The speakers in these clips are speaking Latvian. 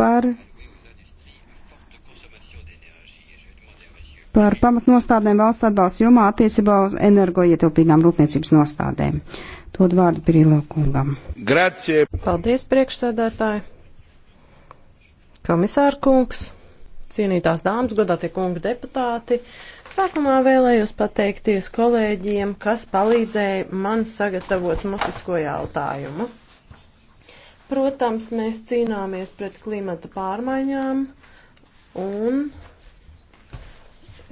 par, par pamatnostādēm valsts atbalsta jomā attiecībā uz energoietilpīgām rūpniecības nostādēm. Dod vārdu Pirilo kungam. Grazie. Paldies, priekšsēdētāji. Komisāra kungs, cienītās dāmas, godātie kunga deputāti. Sākumā vēlējos pateikties kolēģiem, kas palīdzēja man sagatavot mutisko jautājumu. Protams, mēs cīnāmies pret klimata pārmaiņām un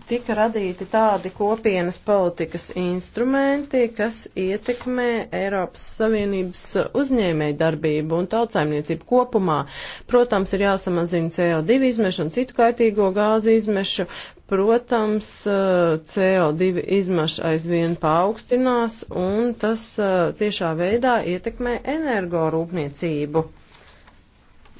tika radīti tādi kopienas politikas instrumenti, kas ietekmē Eiropas Savienības uzņēmēju darbību un tautsaimniecību kopumā. Protams, ir jāsamazina CO2 izmešu un citu kaitīgo gāzu izmešu. Protams, eh, CO2 izmeša aizvien paaugstinās un tas eh, tiešā veidā ietekmē energorūpniecību.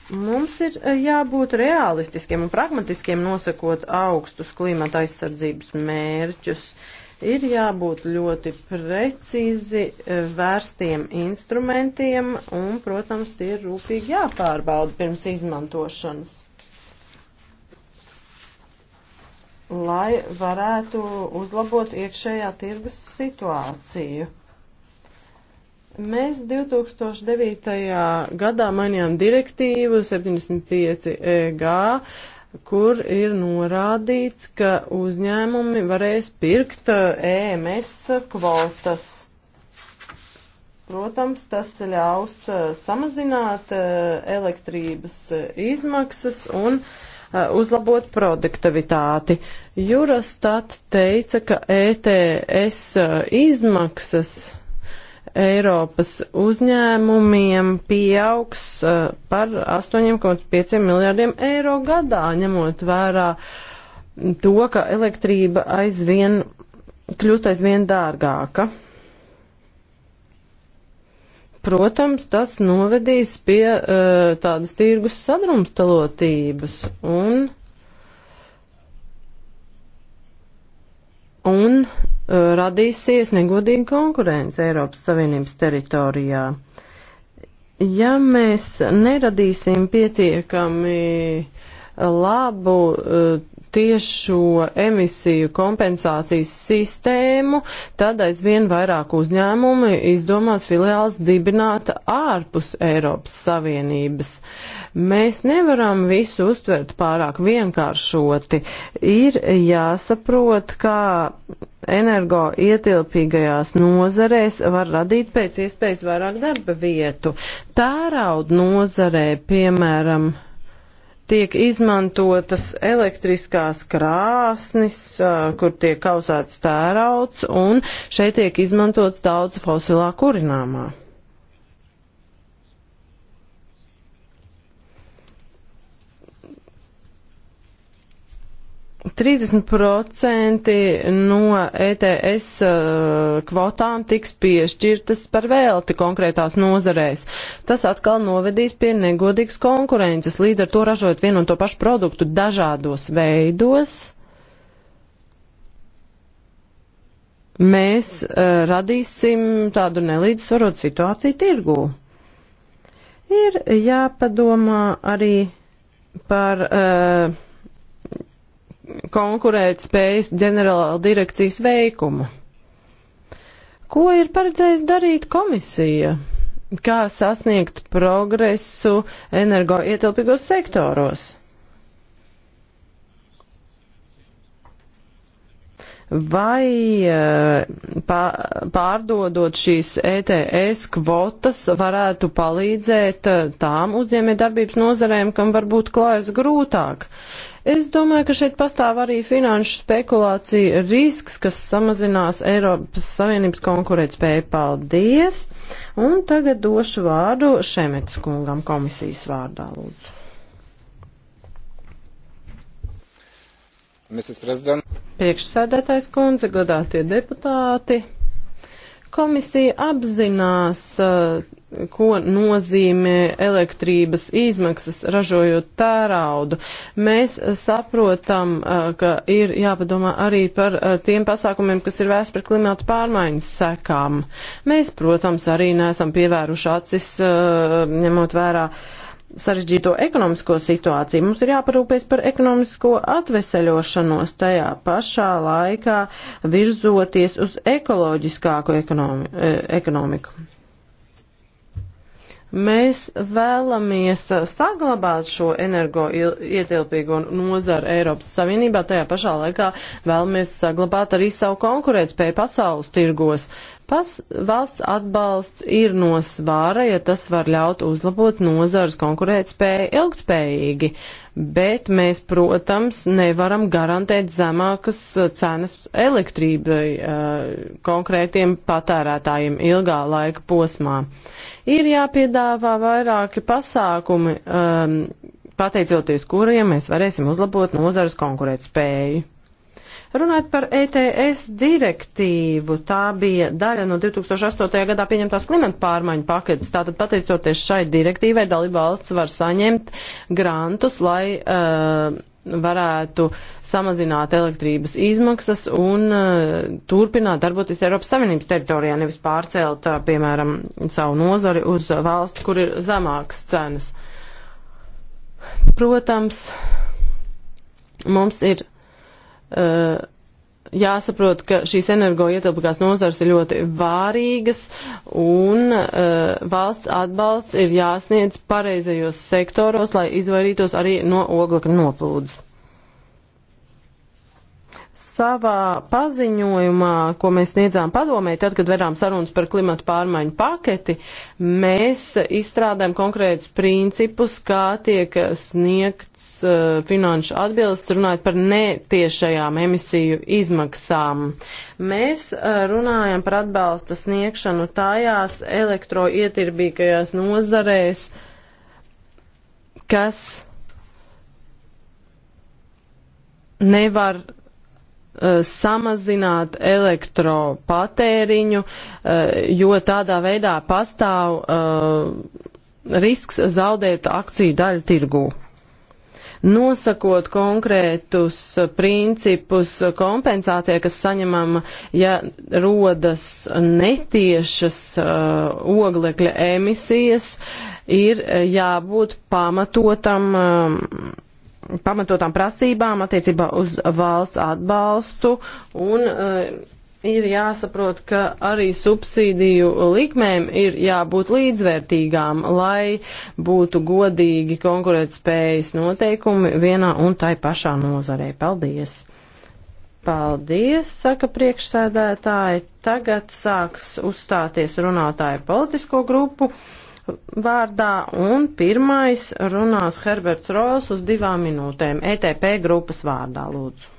Mums ir eh, jābūt realistiskiem un pragmatiskiem nosakot augstus klimata aizsardzības mērķus. Ir jābūt ļoti precīzi eh, vērstiem instrumentiem un, protams, tie ir rūpīgi jāpārbauda pirms izmantošanas. Lai varētu uzlabot iekšējā tirgus situāciju Mēs 2009. gadā mainījām direktīvu 75 EG, kur ir norādīts, ka uzņēmumi varēs pirkt EMS eh, e kvotas. Protams, tas ļaus eh, samazināt eh, elektrības izmaksas un uzlabot produktivitāti. Jurastat teica, ka ETS izmaksas Eiropas uzņēmumiem pieaugs uh, par 8,5 miljārdiem eiro gadā, ņemot vērā to, ka elektrība aizvien kļūst aizvien dārgāka. Protams, tas novedīs pie uh, tādas tirgus sadrumstalotības un, un radīsies negodīga konkurence Eiropas Savienības teritorijā. Ja mēs neradīsim pietiekami eh, labu eh, tiešo emisiju kompensācijas sistēmu, tad aizvien vairāk uzņēmumi izdomās filiāls dibināt ārpus Eiropas Savienības. Mēs nevaram visu uztvert pārāk vienkāršoti. Ir jāsaprot, kā energo ietilpīgajās nozarēs var radīt pēc iespējas vairāk darba vietu. Tēraud nozarē, piemēram, tiek izmantotas elektriskās krāsnis, kur tiek kausēts tērauds, un šeit tiek izmantots daudz fosilā kurināmā. 30% no ETS uh, kvotām tiks piešķirtas par velti konkrētās nozarēs. Tas atkal novedīs pie negodīgas konkurences, līdz ar to ražot vienu un to pašu produktu dažādos veidos. Mēs uh, radīsim tādu nelīdzsvarotu situāciju tirgū. Ir jāpadomā arī par uh, konkurēt spējas ģenerāla direkcijas veikumu. Ko ir paredzējis darīt komisija? Kā sasniegt progresu energoietilpīgos sektoros? vai eh, pārdodot šīs ETS kvotas varētu palīdzēt eh, tām uzņēmējdarbības nozarēm, kam varbūt klājas grūtāk. Es domāju, ka šeit pastāv arī finanšu spekulācija risks, kas samazinās Eiropas Savienības konkurētspēju. Paldies! Un tagad došu vārdu Šemets kungam komisijas vārdā, lūdzu. Priekšsēdētājs kundze, godātie deputāti, komisija apzinās, eh, ko nozīmē elektrības izmaksas ražojot tēraudu. Mēs eh, saprotam, eh, ka ir jāpadomā arī par tiem pasākumiem, kas ir vērsts par klimatu pārmaiņas sekām. Mēs, protams, arī neesam pievēruši acis, ņemot vērā uh, sarežģīto ekonomisko situāciju. Mums ir jāparūpēs par ekonomisko atveseļošanos tajā pašā laikā, virzoties uz ekoloģiskāku ekonomi, e, ekonomiku. Mēs vēlamies saglabāt šo energo ietilpīgo nozaru Eiropas Savienībā, tajā pašā laikā vēlamies saglabāt arī savu konkurētspēju pasaules tirgos. Uh, Pas, valsts atbalsts ir no svāra, ja tas var ļaut uzlabot nozares konkurētspēju ilgspējīgi, bet mēs, protams, nevaram garantēt zemākas cenas elektrībai uh, konkrētiem patērētājiem ilgā laika posmā. Ir jāpiedāvā vairāki pasākumi. Um, pateicoties kuriem mēs varēsim uzlabot nozares konkurētspēju. Runājot par ETS direktīvu, tā bija daļa no 2008. gadā pieņemtās klimata pārmaiņu paketes. Tātad pateicoties šai direktīvai, dalībvalsts var saņemt grantus, lai uh, varētu samazināt elektrības izmaksas un uh, turpināt darboties Eiropas Savienības teritorijā, nevis pārcelt, uh, piemēram, savu nozari uz valsti, kur ir zemākas cenas. Protams, mums ir Eh, jāsaprot, ka šīs energoietilpīgās nozars ir ļoti vārīgas un uh, valsts atbalsts ir jāsniedz pareizajos sektoros, lai izvairītos arī no oglaka noplūdes savā paziņojumā, ko mēs sniedzām padomē, tad, kad vedām sarunas par klimatu pārmaiņu paketi, mēs izstrādājam konkrētus principus, kā tiek sniegts uh, finanšu atbilsts, runājot par netiešajām emisiju izmaksām. Mēs uh, runājam par atbalsta sniegšanu tajās elektroietirbīgajās nozarēs, kas nevar Eh, samazināt elektropatēriņu, eh, jo tādā veidā pastāv eh, risks zaudēt akciju daļu tirgū. Nosakot konkrētus principus kompensācijai, kas saņemama, ja rodas netiešas uh, oglekļa emisijas, ir jābūt pamatotam uh, pamatotām prasībām attiecībā uz valsts atbalstu un eh, ir jāsaprot, ka arī subsīdiju likmēm ir jābūt līdzvērtīgām, lai būtu godīgi konkurētspējas noteikumi vienā un tai pašā nozarē. Paldies! Paldies, saka priekšsēdētāji. Tagad sāks uzstāties runātāju politisko grupu vārdā, un pirmais runās Herberts Rols uz divām minūtēm ETP grupas vārdā, lūdzu.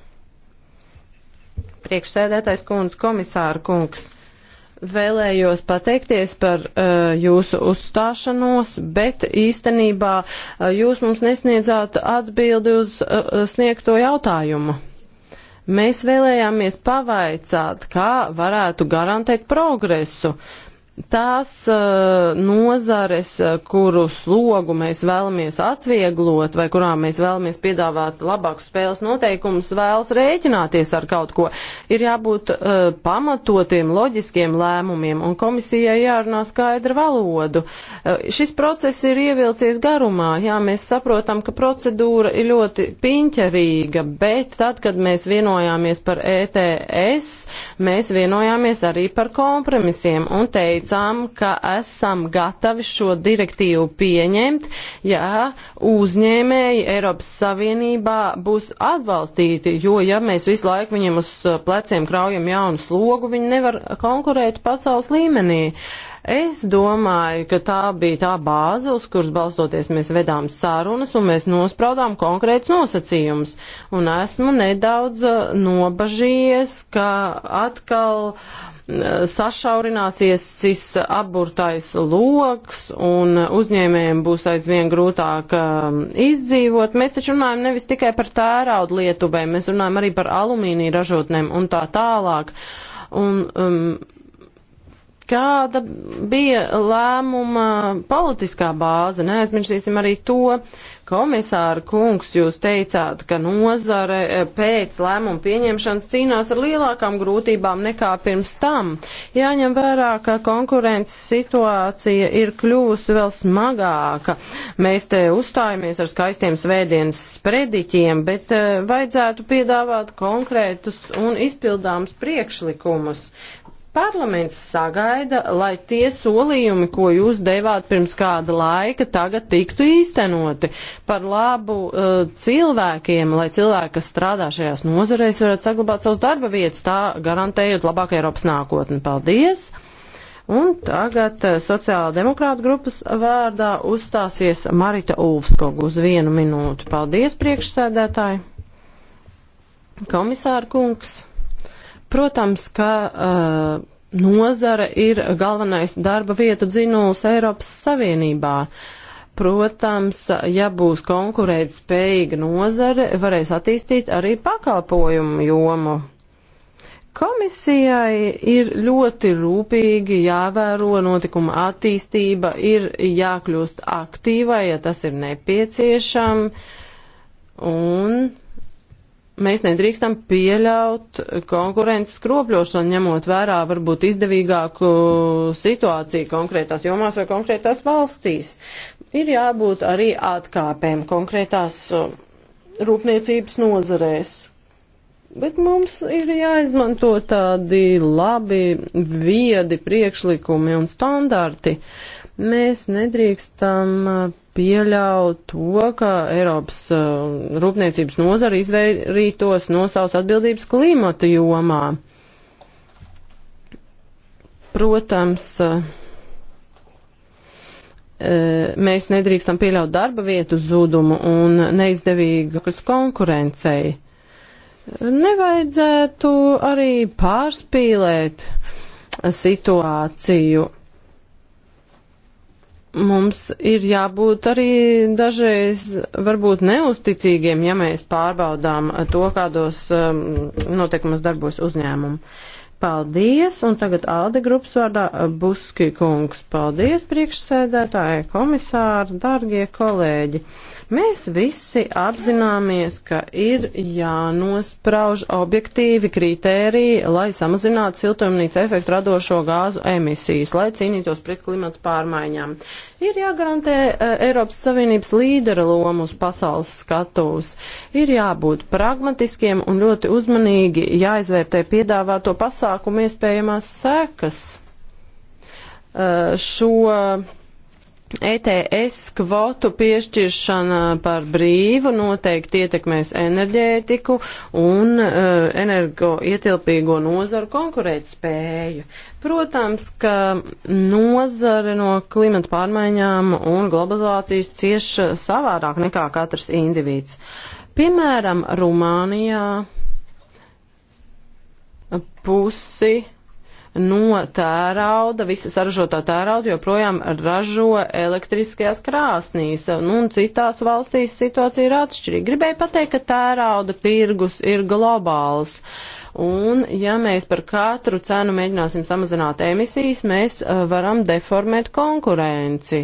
Priekšsēdētais kundze, komisāra kungs vēlējos pateikties par uh, jūsu uzstāšanos, bet īstenībā uh, jūs mums nesniedzāt atbildi uz uh, sniegto jautājumu. Mēs vēlējāmies pavaicāt, kā varētu garantēt progresu tās uh, nozares, eh, kuru slogu mēs vēlamies atvieglot vai kurām mēs vēlamies piedāvāt labākus spēles noteikumus, vēlas rēķināties ar kaut ko. Ir jābūt uh, pamatotiem, loģiskiem lēmumiem, un komisijai jārunā skaidru valodu. Uh, šis process ir ievilcies garumā. Jā, mēs saprotam, ka procedūra ir ļoti piņķerīga, bet tad, kad mēs vienojāmies par ETS, mēs vienojāmies arī par kompromisiem un teicām, teicām, ka esam gatavi šo direktīvu pieņemt, ja uzņēmēji Eiropas Savienībā būs atbalstīti, jo ja mēs visu laiku viņiem uz uh, pleciem kraujam jaunu slogu, viņi nevar konkurēt pasaules līmenī. Es domāju, ka tā bija tā bāze, uz kuras balstoties mēs vedām sarunas un mēs nospraudām konkrētus nosacījumus. Un esmu nedaudz uh, nobažījies, ka atkal uh, sašaurināsies apburtais loks un uzņēmējiem būs aizvien grūtāk um, izdzīvot. Mēs taču runājam nevis tikai par tērauda lietuvēm, mēs runājam arī par alumīnija ražotnēm un tā tālāk. Un, um, kāda bija lēmuma politiskā bāze. Neaizmirsīsim arī to, komisāra kungs, jūs teicāt, ka nozare eh, pēc lēmuma pieņemšanas cīnās ar lielākām grūtībām nekā pirms tam. Jāņem vērā, ka konkurences situācija ir kļuvusi vēl smagāka. Mēs te uzstājamies ar skaistiem svētdienas sprediķiem, bet eh, vajadzētu piedāvāt konkrētus un izpildāms priekšlikumus parlaments sagaida, lai tie solījumi, ko jūs devāt pirms kāda laika, tagad tiktu īstenoti par labu uh, cilvēkiem, lai cilvēki, kas strādā šajās nozarēs, varētu saglabāt savus darba vietas, tā garantējot labāku Eiropas nākotni. Paldies! Un tagad eh, sociāla demokrāta grupas vārdā uzstāsies Marita Ulfskoga uz vienu minūti. Paldies, priekšsēdētāji! Komisāra kungs! Protams, ka uh, nozara ir galvenais darba vietu dzinulis Eiropas Savienībā. Protams, ja būs konkurēt spējīga nozare, varēs attīstīt arī pakalpojumu jomu. Komisijai ir ļoti rūpīgi jāvēro notikuma attīstība, ir jākļūst aktīvai, ja tas ir nepieciešams, un mēs nedrīkstam pieļaut konkurences skropļošanu, ņemot vērā varbūt izdevīgāku situāciju konkrētās jomās vai konkrētās valstīs. Ir jābūt arī atkāpēm konkrētās uh, rūpniecības nozarēs. Bet mums ir jāizmanto tādi labi, viedi priekšlikumi un standarti. Uh, Mēs nedrīkstam uh, pieļaut to, ka Eiropas uh, rūpniecības nozara izvairītos no savas atbildības klimata jomā. Protams, uh, mēs nedrīkstam pieļaut darba vietu zudumu un neizdevīgas konkurencei. Nevajadzētu arī pārspīlēt situāciju mums ir jābūt arī dažreiz varbūt neusticīgiem, ja mēs pārbaudām to, kādos um, noteikumos darbos uzņēmumu. Paldies, un tagad Alde grupas vārdā Buski kungs. Paldies, priekšsēdētāji, komisāri, dargie kolēģi. Uh, Mēs visi apzināmies, ka ir jānosprauž objektīvi kritēriji, lai samazinātu siltumnīca efektu radošo gāzu emisijas, lai cīnītos pret klimatu pārmaiņām. Ir jāgarantē uh, Eiropas Savienības līdera lomu uz pasaules skatuves. Ir jābūt pragmatiskiem un ļoti uzmanīgi jāizvērtē piedāvāto pasākumu iespējamās sekas. Uh, šo ETS kvotu piešķiršana par brīvu noteikti ietekmēs enerģētiku un uh, energo ietilpīgo nozaru konkurētspēju. Protams, ka nozare no klimata pārmaiņām un globalizācijas cieš savādāk nekā katrs individs. Piemēram, Rumānijā pusi no tērauda, visa saražotā tērauda joprojām ražo elektriskajās krāsnīs, nu, un citās valstīs situācija ir atšķirīga. Gribēju pateikt, ka tērauda tirgus ir globāls. Un, ja mēs par katru cenu mēģināsim samazināt emisijas, mēs uh, varam deformēt konkurenci.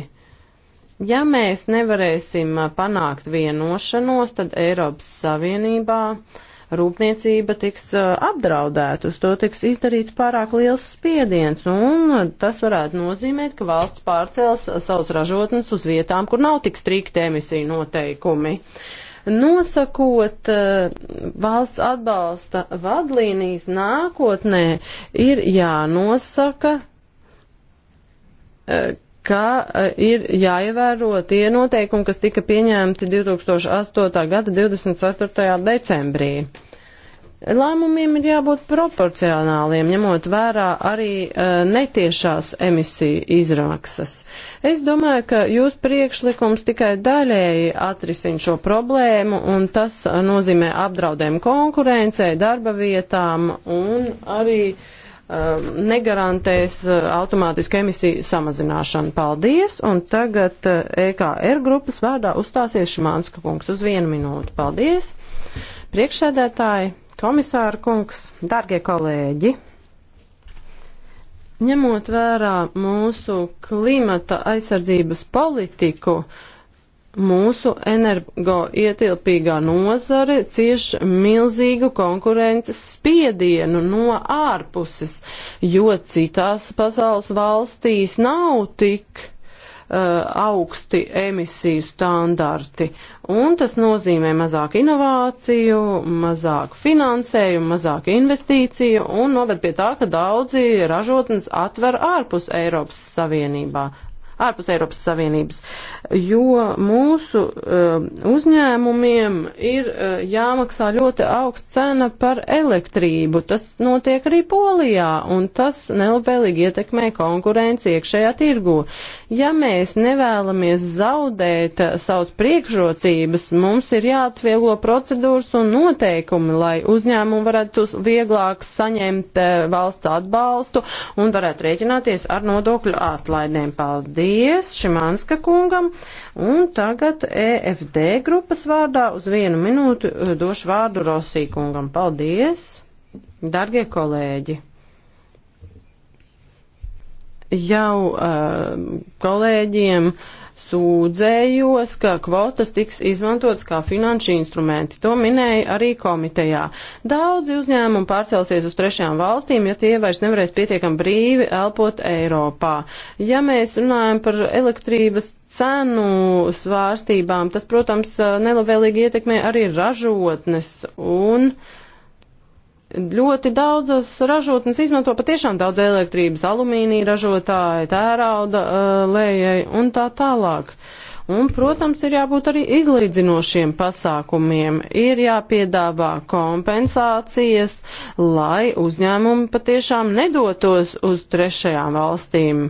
Ja mēs nevarēsim uh, panākt vienošanos, tad Eiropas Savienībā uh, rūpniecība tiks apdraudēta, uz to tiks izdarīts pārāk liels spiediens, un tas varētu nozīmēt, ka valsts pārcels savus ražotnes uz vietām, kur nav tik strikti emisiju noteikumi. Nosakot valsts atbalsta vadlīnijas nākotnē, ir jānosaka, ka e, ir jāievēro tie noteikumi, kas tika pieņemti 2008. gada 24. decembrī. Lēmumiem ir jābūt proporcionāliem, ņemot vērā arī uh, netiešās emisiju izmaksas. Es domāju, ka jūs priekšlikums tikai daļēji atrisin šo problēmu, un tas nozīmē apdraudējumu konkurencei, darba vietām un arī uh, Um, negarantēs uh, automātisku emisiju samazināšanu. Paldies! Un tagad uh, EKR grupas vārdā uzstāsies Šmānska kungs uz vienu minūtu. Paldies! Priekšsēdētāji, komisāra kungs, dārgie kolēģi! Ņemot vērā mūsu klimata aizsardzības politiku, uh, mūsu energoietilpīgā nozare cieš milzīgu konkurences spiedienu no ārpuses, jo citās pasaules valstīs nav tik uh, augsti emisiju standarti. Un tas nozīmē mazāk inovāciju, mazāk finansējumu, mazāk investīciju un noved pie tā, ka daudzi ražotnes atver ārpus Eiropas Savienībā, ārpus Eiropas Savienības, jo mūsu uh, uzņēmumiem ir uh, jāmaksā ļoti augsta cena par elektrību. Tas notiek arī Polijā, un tas nelabvēlīgi ietekmē konkurenci iekšējā tirgu. Ja mēs nevēlamies zaudēt uh, savus priekšrocības, mums ir jāatvieglo procedūras un noteikumi, lai uzņēmumi varētu vieglāk saņemt uh, valsts atbalstu un varētu rēķināties ar nodokļu atlaidēm. Paldies! Paldies Šimanska kungam. Un tagad EFD grupas vārdā uz vienu minūtu eh, došu vārdu Rosī kungam. Paldies, dargie kolēģi! jau uh, kolēģiem sūdzējos, ka kvotas tiks izmantotas kā finanšu instrumenti. To minēja arī komitejā. Daudzi uzņēmumi pārcelsies uz trešajām valstīm, ja tie vairs nevarēs pietiekam brīvi elpot Eiropā. Ja mēs runājam par elektrības cenu svārstībām, tas, protams, nelabvēlīgi ietekmē arī ražotnes un uh, Ļoti daudzas ražotnes izmanto patiešām daudz elektrības, alumīnija ražotāji, tērauda uh, lējai un tā tālāk. Un, protams, ir jābūt arī izlīdzinošiem pasākumiem. Ir jāpiedāvā kompensācijas, lai uzņēmumi patiešām nedotos uz trešajām valstīm.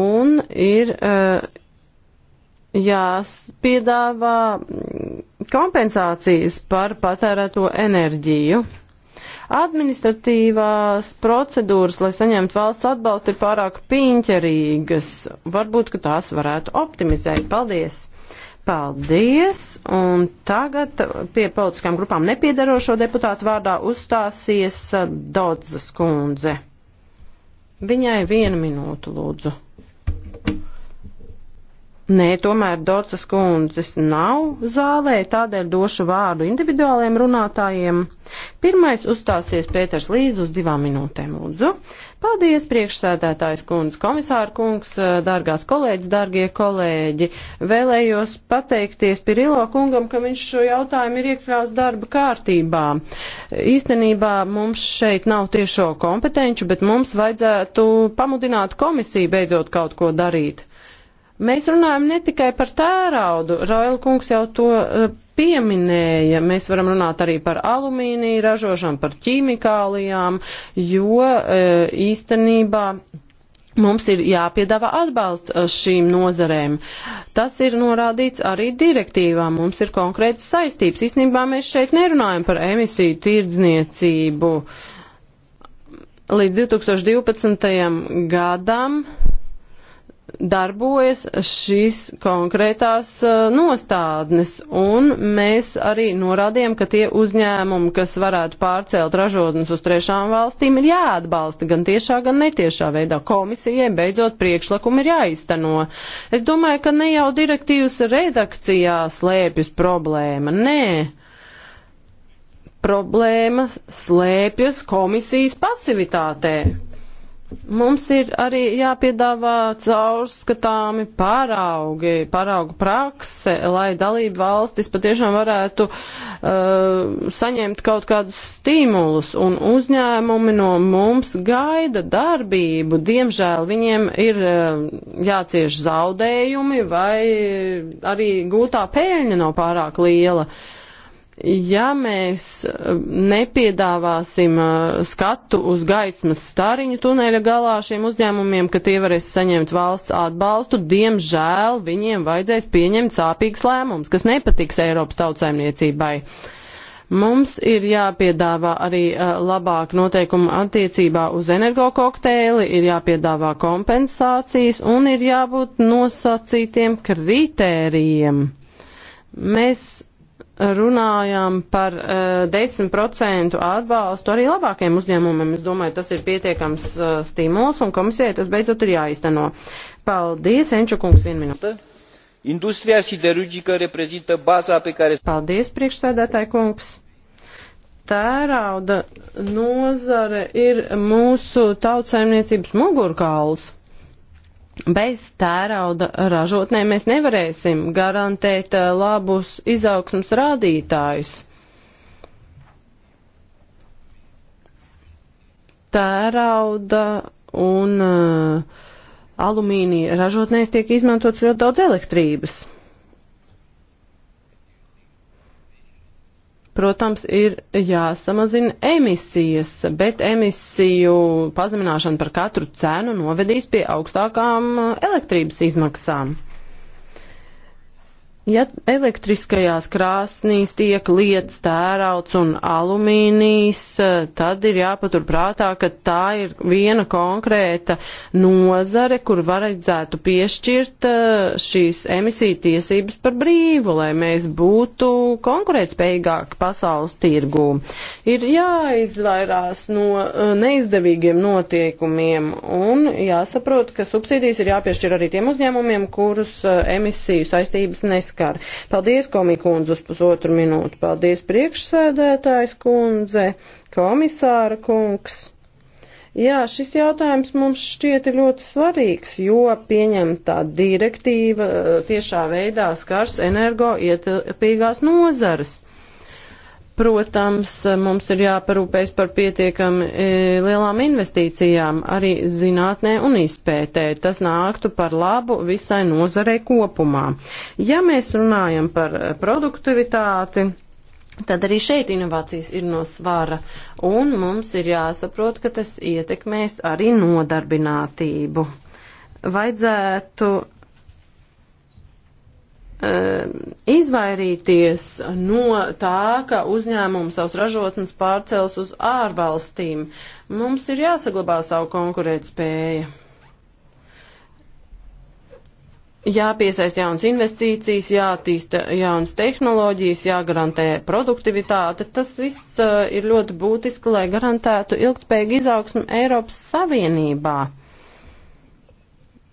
Un ir uh, jāpiedāvā kompensācijas par patērēto enerģiju. Administratīvās procedūras, lai saņemtu valsts atbalstu, ir pārāk piņķerīgas. Varbūt, ka tās varētu optimizēt. Paldies! Paldies! Un tagad pie politiskām grupām nepiedarošo deputātu vārdā uzstāsies Dodzas kundze. Viņai vienu minūtu lūdzu. Nē, tomēr Dorcas kundzes nav zālē, tādēļ došu vārdu individuāliem runātājiem. Pirmais uzstāsies Pēters Līdz uz divām minūtēm, lūdzu. Paldies, priekšsēdētājs kundze, komisāra kungs, dārgās kolēģis, dārgie kolēģi. Vēlējos pateikties Pirilo kungam, ka viņš šo jautājumu ir iekļauts darba kārtībā. Īstenībā mums šeit nav tiešo kompetenču, bet mums vajadzētu pamudināt komisiju beidzot kaut ko darīt. Mēs runājam ne tikai par tēraudu, Raila kungs jau to eh, pieminēja, mēs varam runāt arī par alumīniju ražošanu, par ķīmikālijām, jo eh, īstenībā mums ir jāpiedāvā atbalsts eh, šīm nozarēm. Tas ir norādīts arī direktīvā, mums ir konkrētas saistības. Īstenībā mēs šeit nerunājam par emisiju tirdzniecību. Līdz 2012. gadam darbojas šīs konkrētās nostādnes, un mēs arī norādījām, ka tie uzņēmumi, kas varētu pārcelt ražotnes uz trešām valstīm, ir jāatbalsta gan tiešā, gan netiešā veidā. Komisijai beidzot priekšlikumi ir jāizteno. Es domāju, ka ne jau direktīvas redakcijā slēpjas problēma, nē. Problēmas slēpjas komisijas pasivitātē Mums ir arī jāpiedāvā caurskatāmi paraugi, paraugu prakse, lai dalību valstis patiešām varētu uh, saņemt kaut kādus stimulus, un uzņēmumi no mums gaida darbību. Diemžēl viņiem ir uh, jācieš zaudējumi vai arī gūtā pēļņa nav pārāk liela. Uh, ja mēs eh, nepiedāvāsim eh, skatu uz gaismas stariņu tuneļa galā šiem uzņēmumiem, ka tie varēs saņemt valsts atbalstu, diemžēl viņiem vajadzēs pieņemt sāpīgus lēmumus, kas nepatiks Eiropas tautsaimniecībai. Mums ir jāpiedāvā arī eh, labāk noteikumu attiecībā uz energokokteili, ir jāpiedāvā kompensācijas un ir jābūt nosacītiem kritērijiem. Mēs runājam par uh, eh, 10% atbalstu arī labākiem uzņēmumiem. Es domāju, tas ir pietiekams uh, stimuls un komisijai tas beidzot ir jāizteno. Paldies, Enču kungs, vienu minūti. Industrijā siderurģika reprezintă bazā pe care... Paldies, priekšsēdētāji kungs. Tērauda nozare ir mūsu tautsaimniecības mugurkauls. Bez tērauda ražotnēm mēs nevarēsim garantēt eh, labus izaugsmas rādītājus. Tērauda un uh, alumīnija ražotnēs tiek izmantots ļoti daudz elektrības. protams, ir jāsamazina emisijas, bet emisiju pazemināšana par katru cenu novedīs pie augstākām eh, elektrības izmaksām. Ja elektriskajās krāsnīs tiek lietas tērauts un alumīnijs, tad ir jāpatur prātā, ka tā ir viena konkrēta nozare, kur varētu piešķirt eh, šīs emisiju tiesības par brīvu, lai mēs būtu konkurētspējīgāki pasaules tirgū. Ir jāizvairās no eh, neizdevīgiem notiekumiem un jāsaprot, ka subsīdijas ir jāpiešķir arī tiem uzņēmumiem, kurus eh, emisiju saistības neskatās jāskar. Paldies, komija kundze, uz pusotru minūtu. Paldies, priekšsēdētājs kundze, komisāra kungs. Jā, šis jautājums mums šķiet ļoti svarīgs, jo pieņemtā direktīva eh, tiešā veidā skars energo ietilpīgās nozares. Protams, mums ir jāparūpēs par pietiekami e, lielām investīcijām arī zinātnē un izpētē. Tas nāktu par labu visai nozarei kopumā. Ja mēs runājam par produktivitāti, tad arī šeit inovācijas ir no svara, un mums ir jāsaprot, ka tas ietekmēs arī nodarbinātību. Vajadzētu Um, izvairīties no tā, ka uzņēmumi savus ražotnes pārcels uz ārvalstīm. Mums ir jāsaglabā savu konkurētspēju. Jāpiesaist jaunas investīcijas, jātīsta jaunas tehnoloģijas, jāgarantē produktivitāte. Tas viss uh, ir ļoti būtiski, lai garantētu ilgspējīgu izaugsmu Eiropas Savienībā.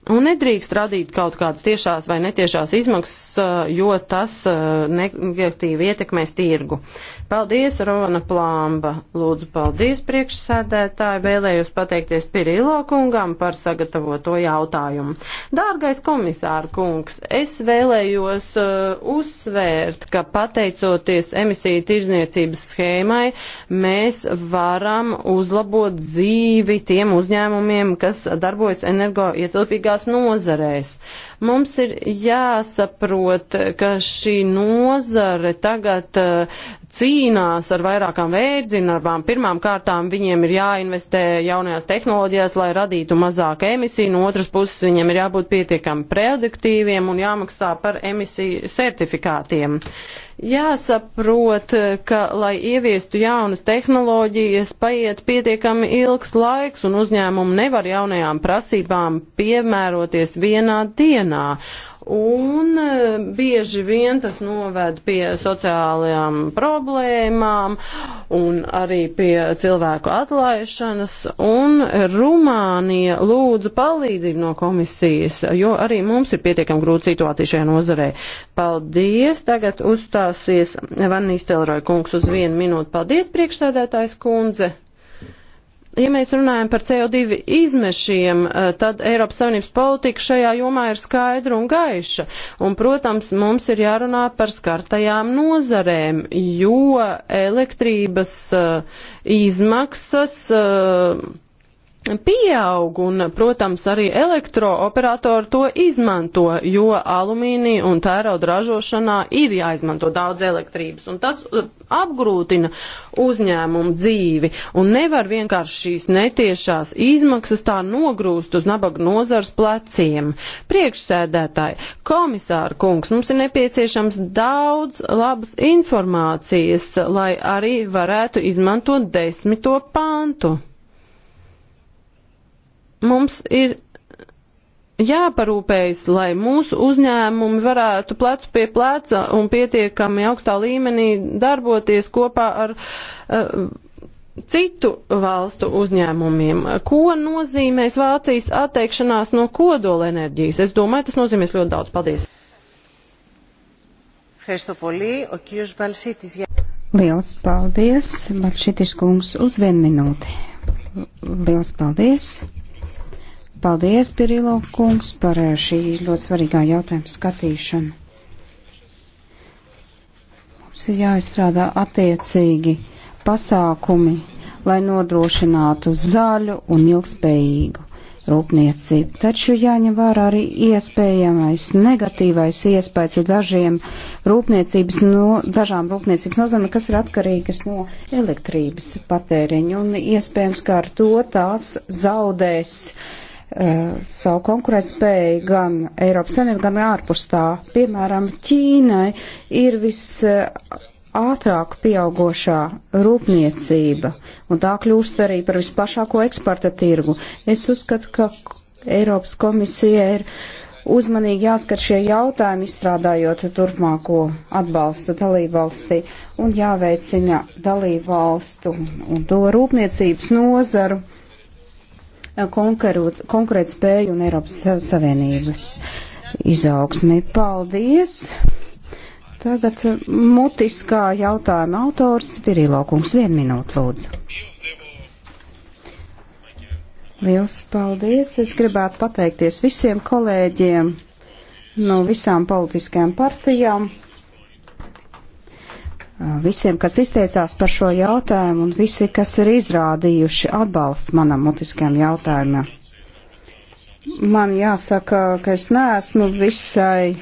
Un nedrīkst radīt kaut kādas tiešās vai netiešās izmaksas, eh, jo tas eh, negatīvi ietekmēs tirgu. Paldies, Rona Plāmba. Lūdzu, paldies priekšsēdētāji. Vēlējos pateikties Pirilo kungam par sagatavoto jautājumu. Dārgais komisāra kungs, es vēlējos uh, uzsvērt, ka pateicoties emisiju tirzniecības schēmai, mēs varam uzlabot dzīvi tiem uzņēmumiem, kas darbojas energoietilpīgā atsevišķās nozarēs. Mums ir jāsaprot, ka šī nozare tagad uh, cīnās ar vairākām vēdzinarbām. Pirmām kārtām viņiem ir jāinvestē jaunajās tehnoloģijās, lai radītu mazāk emisiju, no otras puses viņiem ir jābūt pietiekami produktīviem un jāmaksā par emisiju certifikātiem. Jāsaprot, ka, lai ieviestu jaunas tehnoloģijas, paiet pietiekami ilgs laiks, un uzņēmumi nevar jaunajām prasībām piemēroties vienā dienā dienā. Un e, bieži vien tas noved pie sociālajām problēmām un arī pie cilvēku atlaišanas. Un Rumānija lūdzu palīdzību no komisijas, jo arī mums ir pietiekami grūta situācija šajā nozarē. Paldies! Tagad uzstāsies Vannīs Telroja kungs uz vienu minūti. Paldies, priekšsēdētājs kundze! Ja mēs runājam par CO2 izmešiem, eh, tad Eiropas Savienības politika šajā jomā ir skaidra un gaiša. Un, protams, mums ir jārunā par skartajām nozarēm, jo elektrības eh, izmaksas eh, pieaug un, protams, arī elektrooperatori to izmanto, jo alumīnija un tērauda ražošanā ir jāizmanto daudz elektrības un tas uh, apgrūtina uzņēmumu dzīvi un nevar vienkārši šīs netiešās izmaksas tā nogrūst uz nabaga nozars pleciem. Priekšsēdētāji, komisāra kungs, mums ir nepieciešams daudz labas informācijas, lai arī varētu izmantot desmito pantu. Mums ir jāparūpējas, lai mūsu uzņēmumi varētu plecu pie pleca un pietiekami augstā līmenī darboties kopā ar uh, citu valstu uzņēmumiem. Ko nozīmēs Vācijas atteikšanās no kodolenerģijas? Es domāju, tas nozīmēs ļoti daudz. Paldies! Liels paldies, Maršitis kungs, uz vienu minūti. Liels paldies! Paldies, Pirilo kungs, par eh, šī ļoti svarīgā jautājuma skatīšanu. Mums ir jāizstrādā attiecīgi pasākumi, lai nodrošinātu zaļu un ilgspējīgu rūpniecību. Taču jāņem vērā arī iespējamais negatīvais iespējas uz dažiem rūpniecības, no, dažām rūpniecības nozarēm, kas ir atkarīgas no elektrības patēriņa. Un iespējams, ka ar to tās zaudēs uh, Eh, savu konkurētspēju gan Eiropas Savienībā, gan ārpus tā. Piemēram, Ķīnai ir visātrāk pieaugošā rūpniecība, un tā kļūst arī par visplašāko eksporta tirgu. Es uzskatu, ka Eiropas komisija ir uzmanīgi jāskat šie jautājumi, izstrādājot turpmāko atbalstu dalībvalstī un jāveicina dalībvalstu un to rūpniecības nozaru konkurēt, konkurēt spēju un Eiropas Savienības izaugsmi. Paldies! Tagad mutiskā jautājuma autors Spirilo kungs. Vienu minūtu lūdzu. Liels paldies! Es gribētu pateikties visiem kolēģiem no visām politiskajām partijām Eh, visiem, kas izteicās par šo jautājumu un visi, kas ir izrādījuši atbalstu manam mutiskajam jautājumam. Man jāsaka, ka es neesmu visai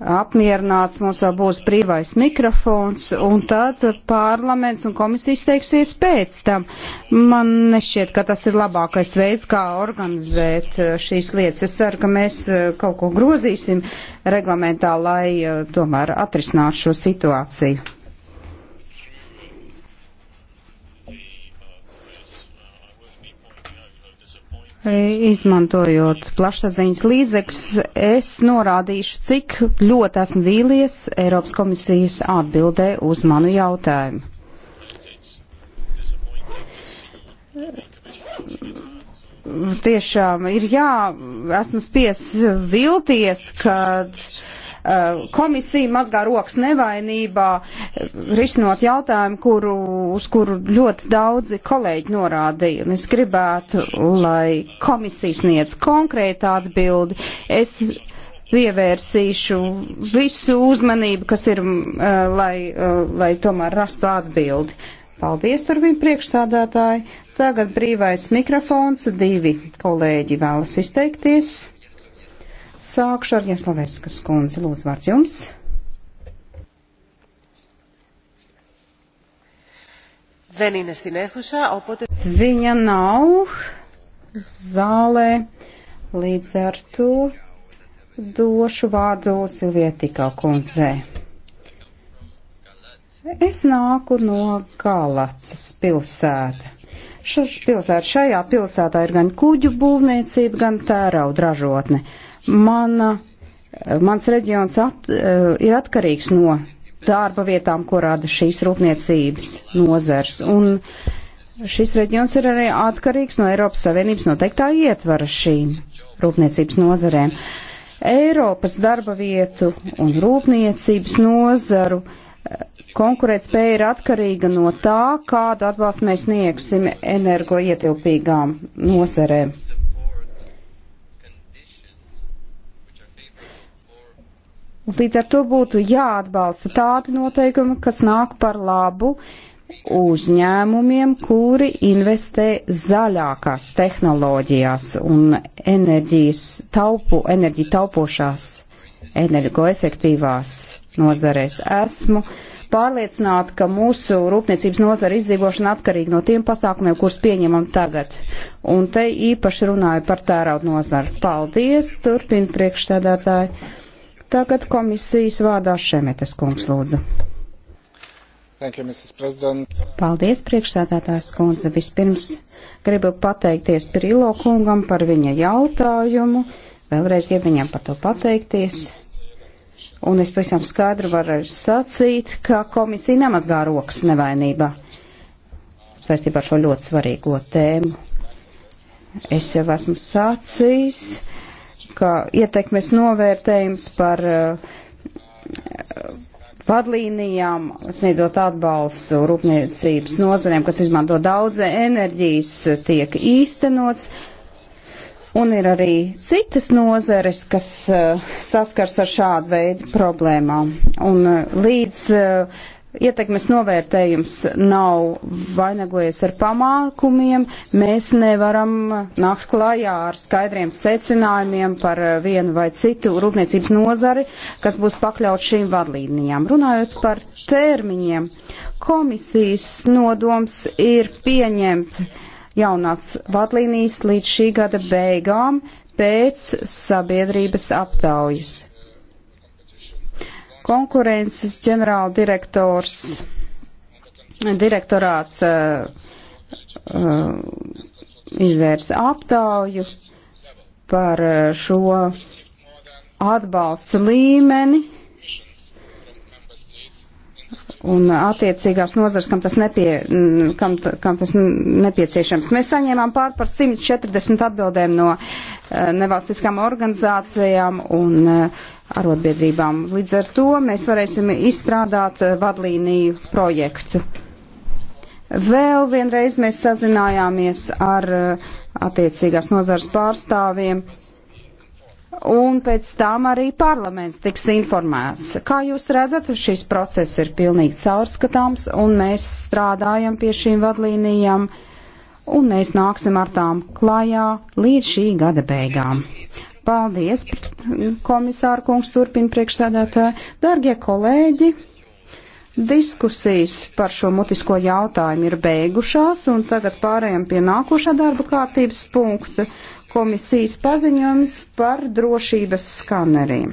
apmierināts, mums vēl būs brīvais mikrofons, un tad parlaments un komisija izteiksies pēc tam. Man nešķiet, ka tas ir labākais veids, kā organizēt uh, šīs lietas. Es ceru, ka mēs uh, kaut ko grozīsim reglamentā, lai uh, tomēr atrisinātu šo situāciju. Izmantojot plašsaziņas līdzekļus, es norādīšu, cik ļoti esmu vīlies Eiropas komisijas atbildē uz manu jautājumu. Tiešām ir jā, esmu spies vilties, kad uh, Eh, komisija mazgā rokas nevainībā, eh, risinot jautājumu, kuru, uz kuru ļoti daudzi kolēģi norādīja. Un es gribētu, lai komisija sniedz konkrētu atbildi. Es pievērsīšu visu uzmanību, kas ir, eh, lai, lai tomēr rastu atbildi. Paldies, turpin priekšsādātāji. Tagad brīvais mikrofons, divi kolēģi vēlas izteikties. Sākšu ar Jasloveskas kundzi. Lūdzu, vārds jums. Viņa nav zālē, līdz ar to došu vārdu Silvietikā kundzē. Es nāku no Galacas pilsēta. Šo pilsētu, šajā pilsētā ir gan kuģu būvniecība, gan tērauda ražotne. Uh, Mana, eh, mans reģions at, eh, ir atkarīgs no darba vietām, ko rada šīs rūpniecības nozars. Un šis reģions ir arī atkarīgs no Eiropas Savienības noteiktā ietvara šīm rūpniecības nozarēm. Eiropas darba vietu un rūpniecības nozaru eh, konkurētspēja ir atkarīga no tā, kādu atbalstu mēs sniegsim energoietilpīgām nozarēm. Un līdz ar to būtu jāatbalsta tādi noteikumi, kas nāk par labu uzņēmumiem, kuri investē zaļākās tehnoloģijās un enerģijas taupu, enerģiju taupošās, energoefektīvās nozarēs. Esmu pārliecināta, ka mūsu rūpniecības nozara izdzīvošana atkarīga no tiem pasākumiem, kurus pieņemam tagad. Un te īpaši runāju par tērauda nozaru. Paldies, turpina priekšsēdētāji. Tagad komisijas vārdā Šemetes kungs lūdzu. Thank you, Mrs. President. Paldies, priekšsēdētājs kundze. Vispirms gribu pateikties Pirilo kungam par viņa jautājumu. Vēlreiz gribu viņam par to pateikties. Un es pavisam skaidri varu sacīt, ka komisija nemazgā rokas nevainībā saistībā ar šo ļoti svarīgo tēmu. Es jau esmu sācījis ka ietekmes novērtējums par eh, vadlīnijām, sniedzot atbalstu rūpniecības nozarēm, kas izmanto daudz enerģijas, tiek īstenots. Un ir arī citas nozeres, kas uh, saskars ar šādu veidu problēmām. Un uh, līdz uh, ietekmes novērtējums nav vainagojies ar pamākumiem, mēs nevaram nākt klajā ar skaidriem secinājumiem par vienu vai citu rūpniecības nozari, kas būs pakļaut šīm vadlīnijām. Runājot par termiņiem, komisijas nodoms ir pieņemt jaunās vadlīnijas līdz šī gada beigām pēc sabiedrības aptaujas konkurences ģenerāla direktors, direktorāts uh, eh, uh, eh, izvērsa aptauju par eh, šo atbalsta līmeni un attiecīgās nozars, kam tas, nepie, kam, kam tas nepieciešams. Mēs saņēmām pār par 140 atbildēm no eh, nevalstiskām organizācijām un eh, arotbiedrībām. Līdz ar to mēs varēsim izstrādāt eh, vadlīniju projektu. Vēl vienreiz mēs sazinājāmies ar attiecīgās nozars pārstāvjiem un pēc tam arī parlaments tiks informēts. Kā jūs redzat, šis process ir pilnīgi caurskatāms, un mēs strādājam pie šīm vadlīnijām, un mēs nāksim ar tām klajā līdz šī gada beigām. Paldies, komisāra kungs, turpina priekšsēdētāji. Dargie kolēģi, diskusijas par šo mutisko jautājumu ir beigušās, un tagad pārējām pie nākošā darba kārtības punkta komisijas paziņojums par drošības skaneriem.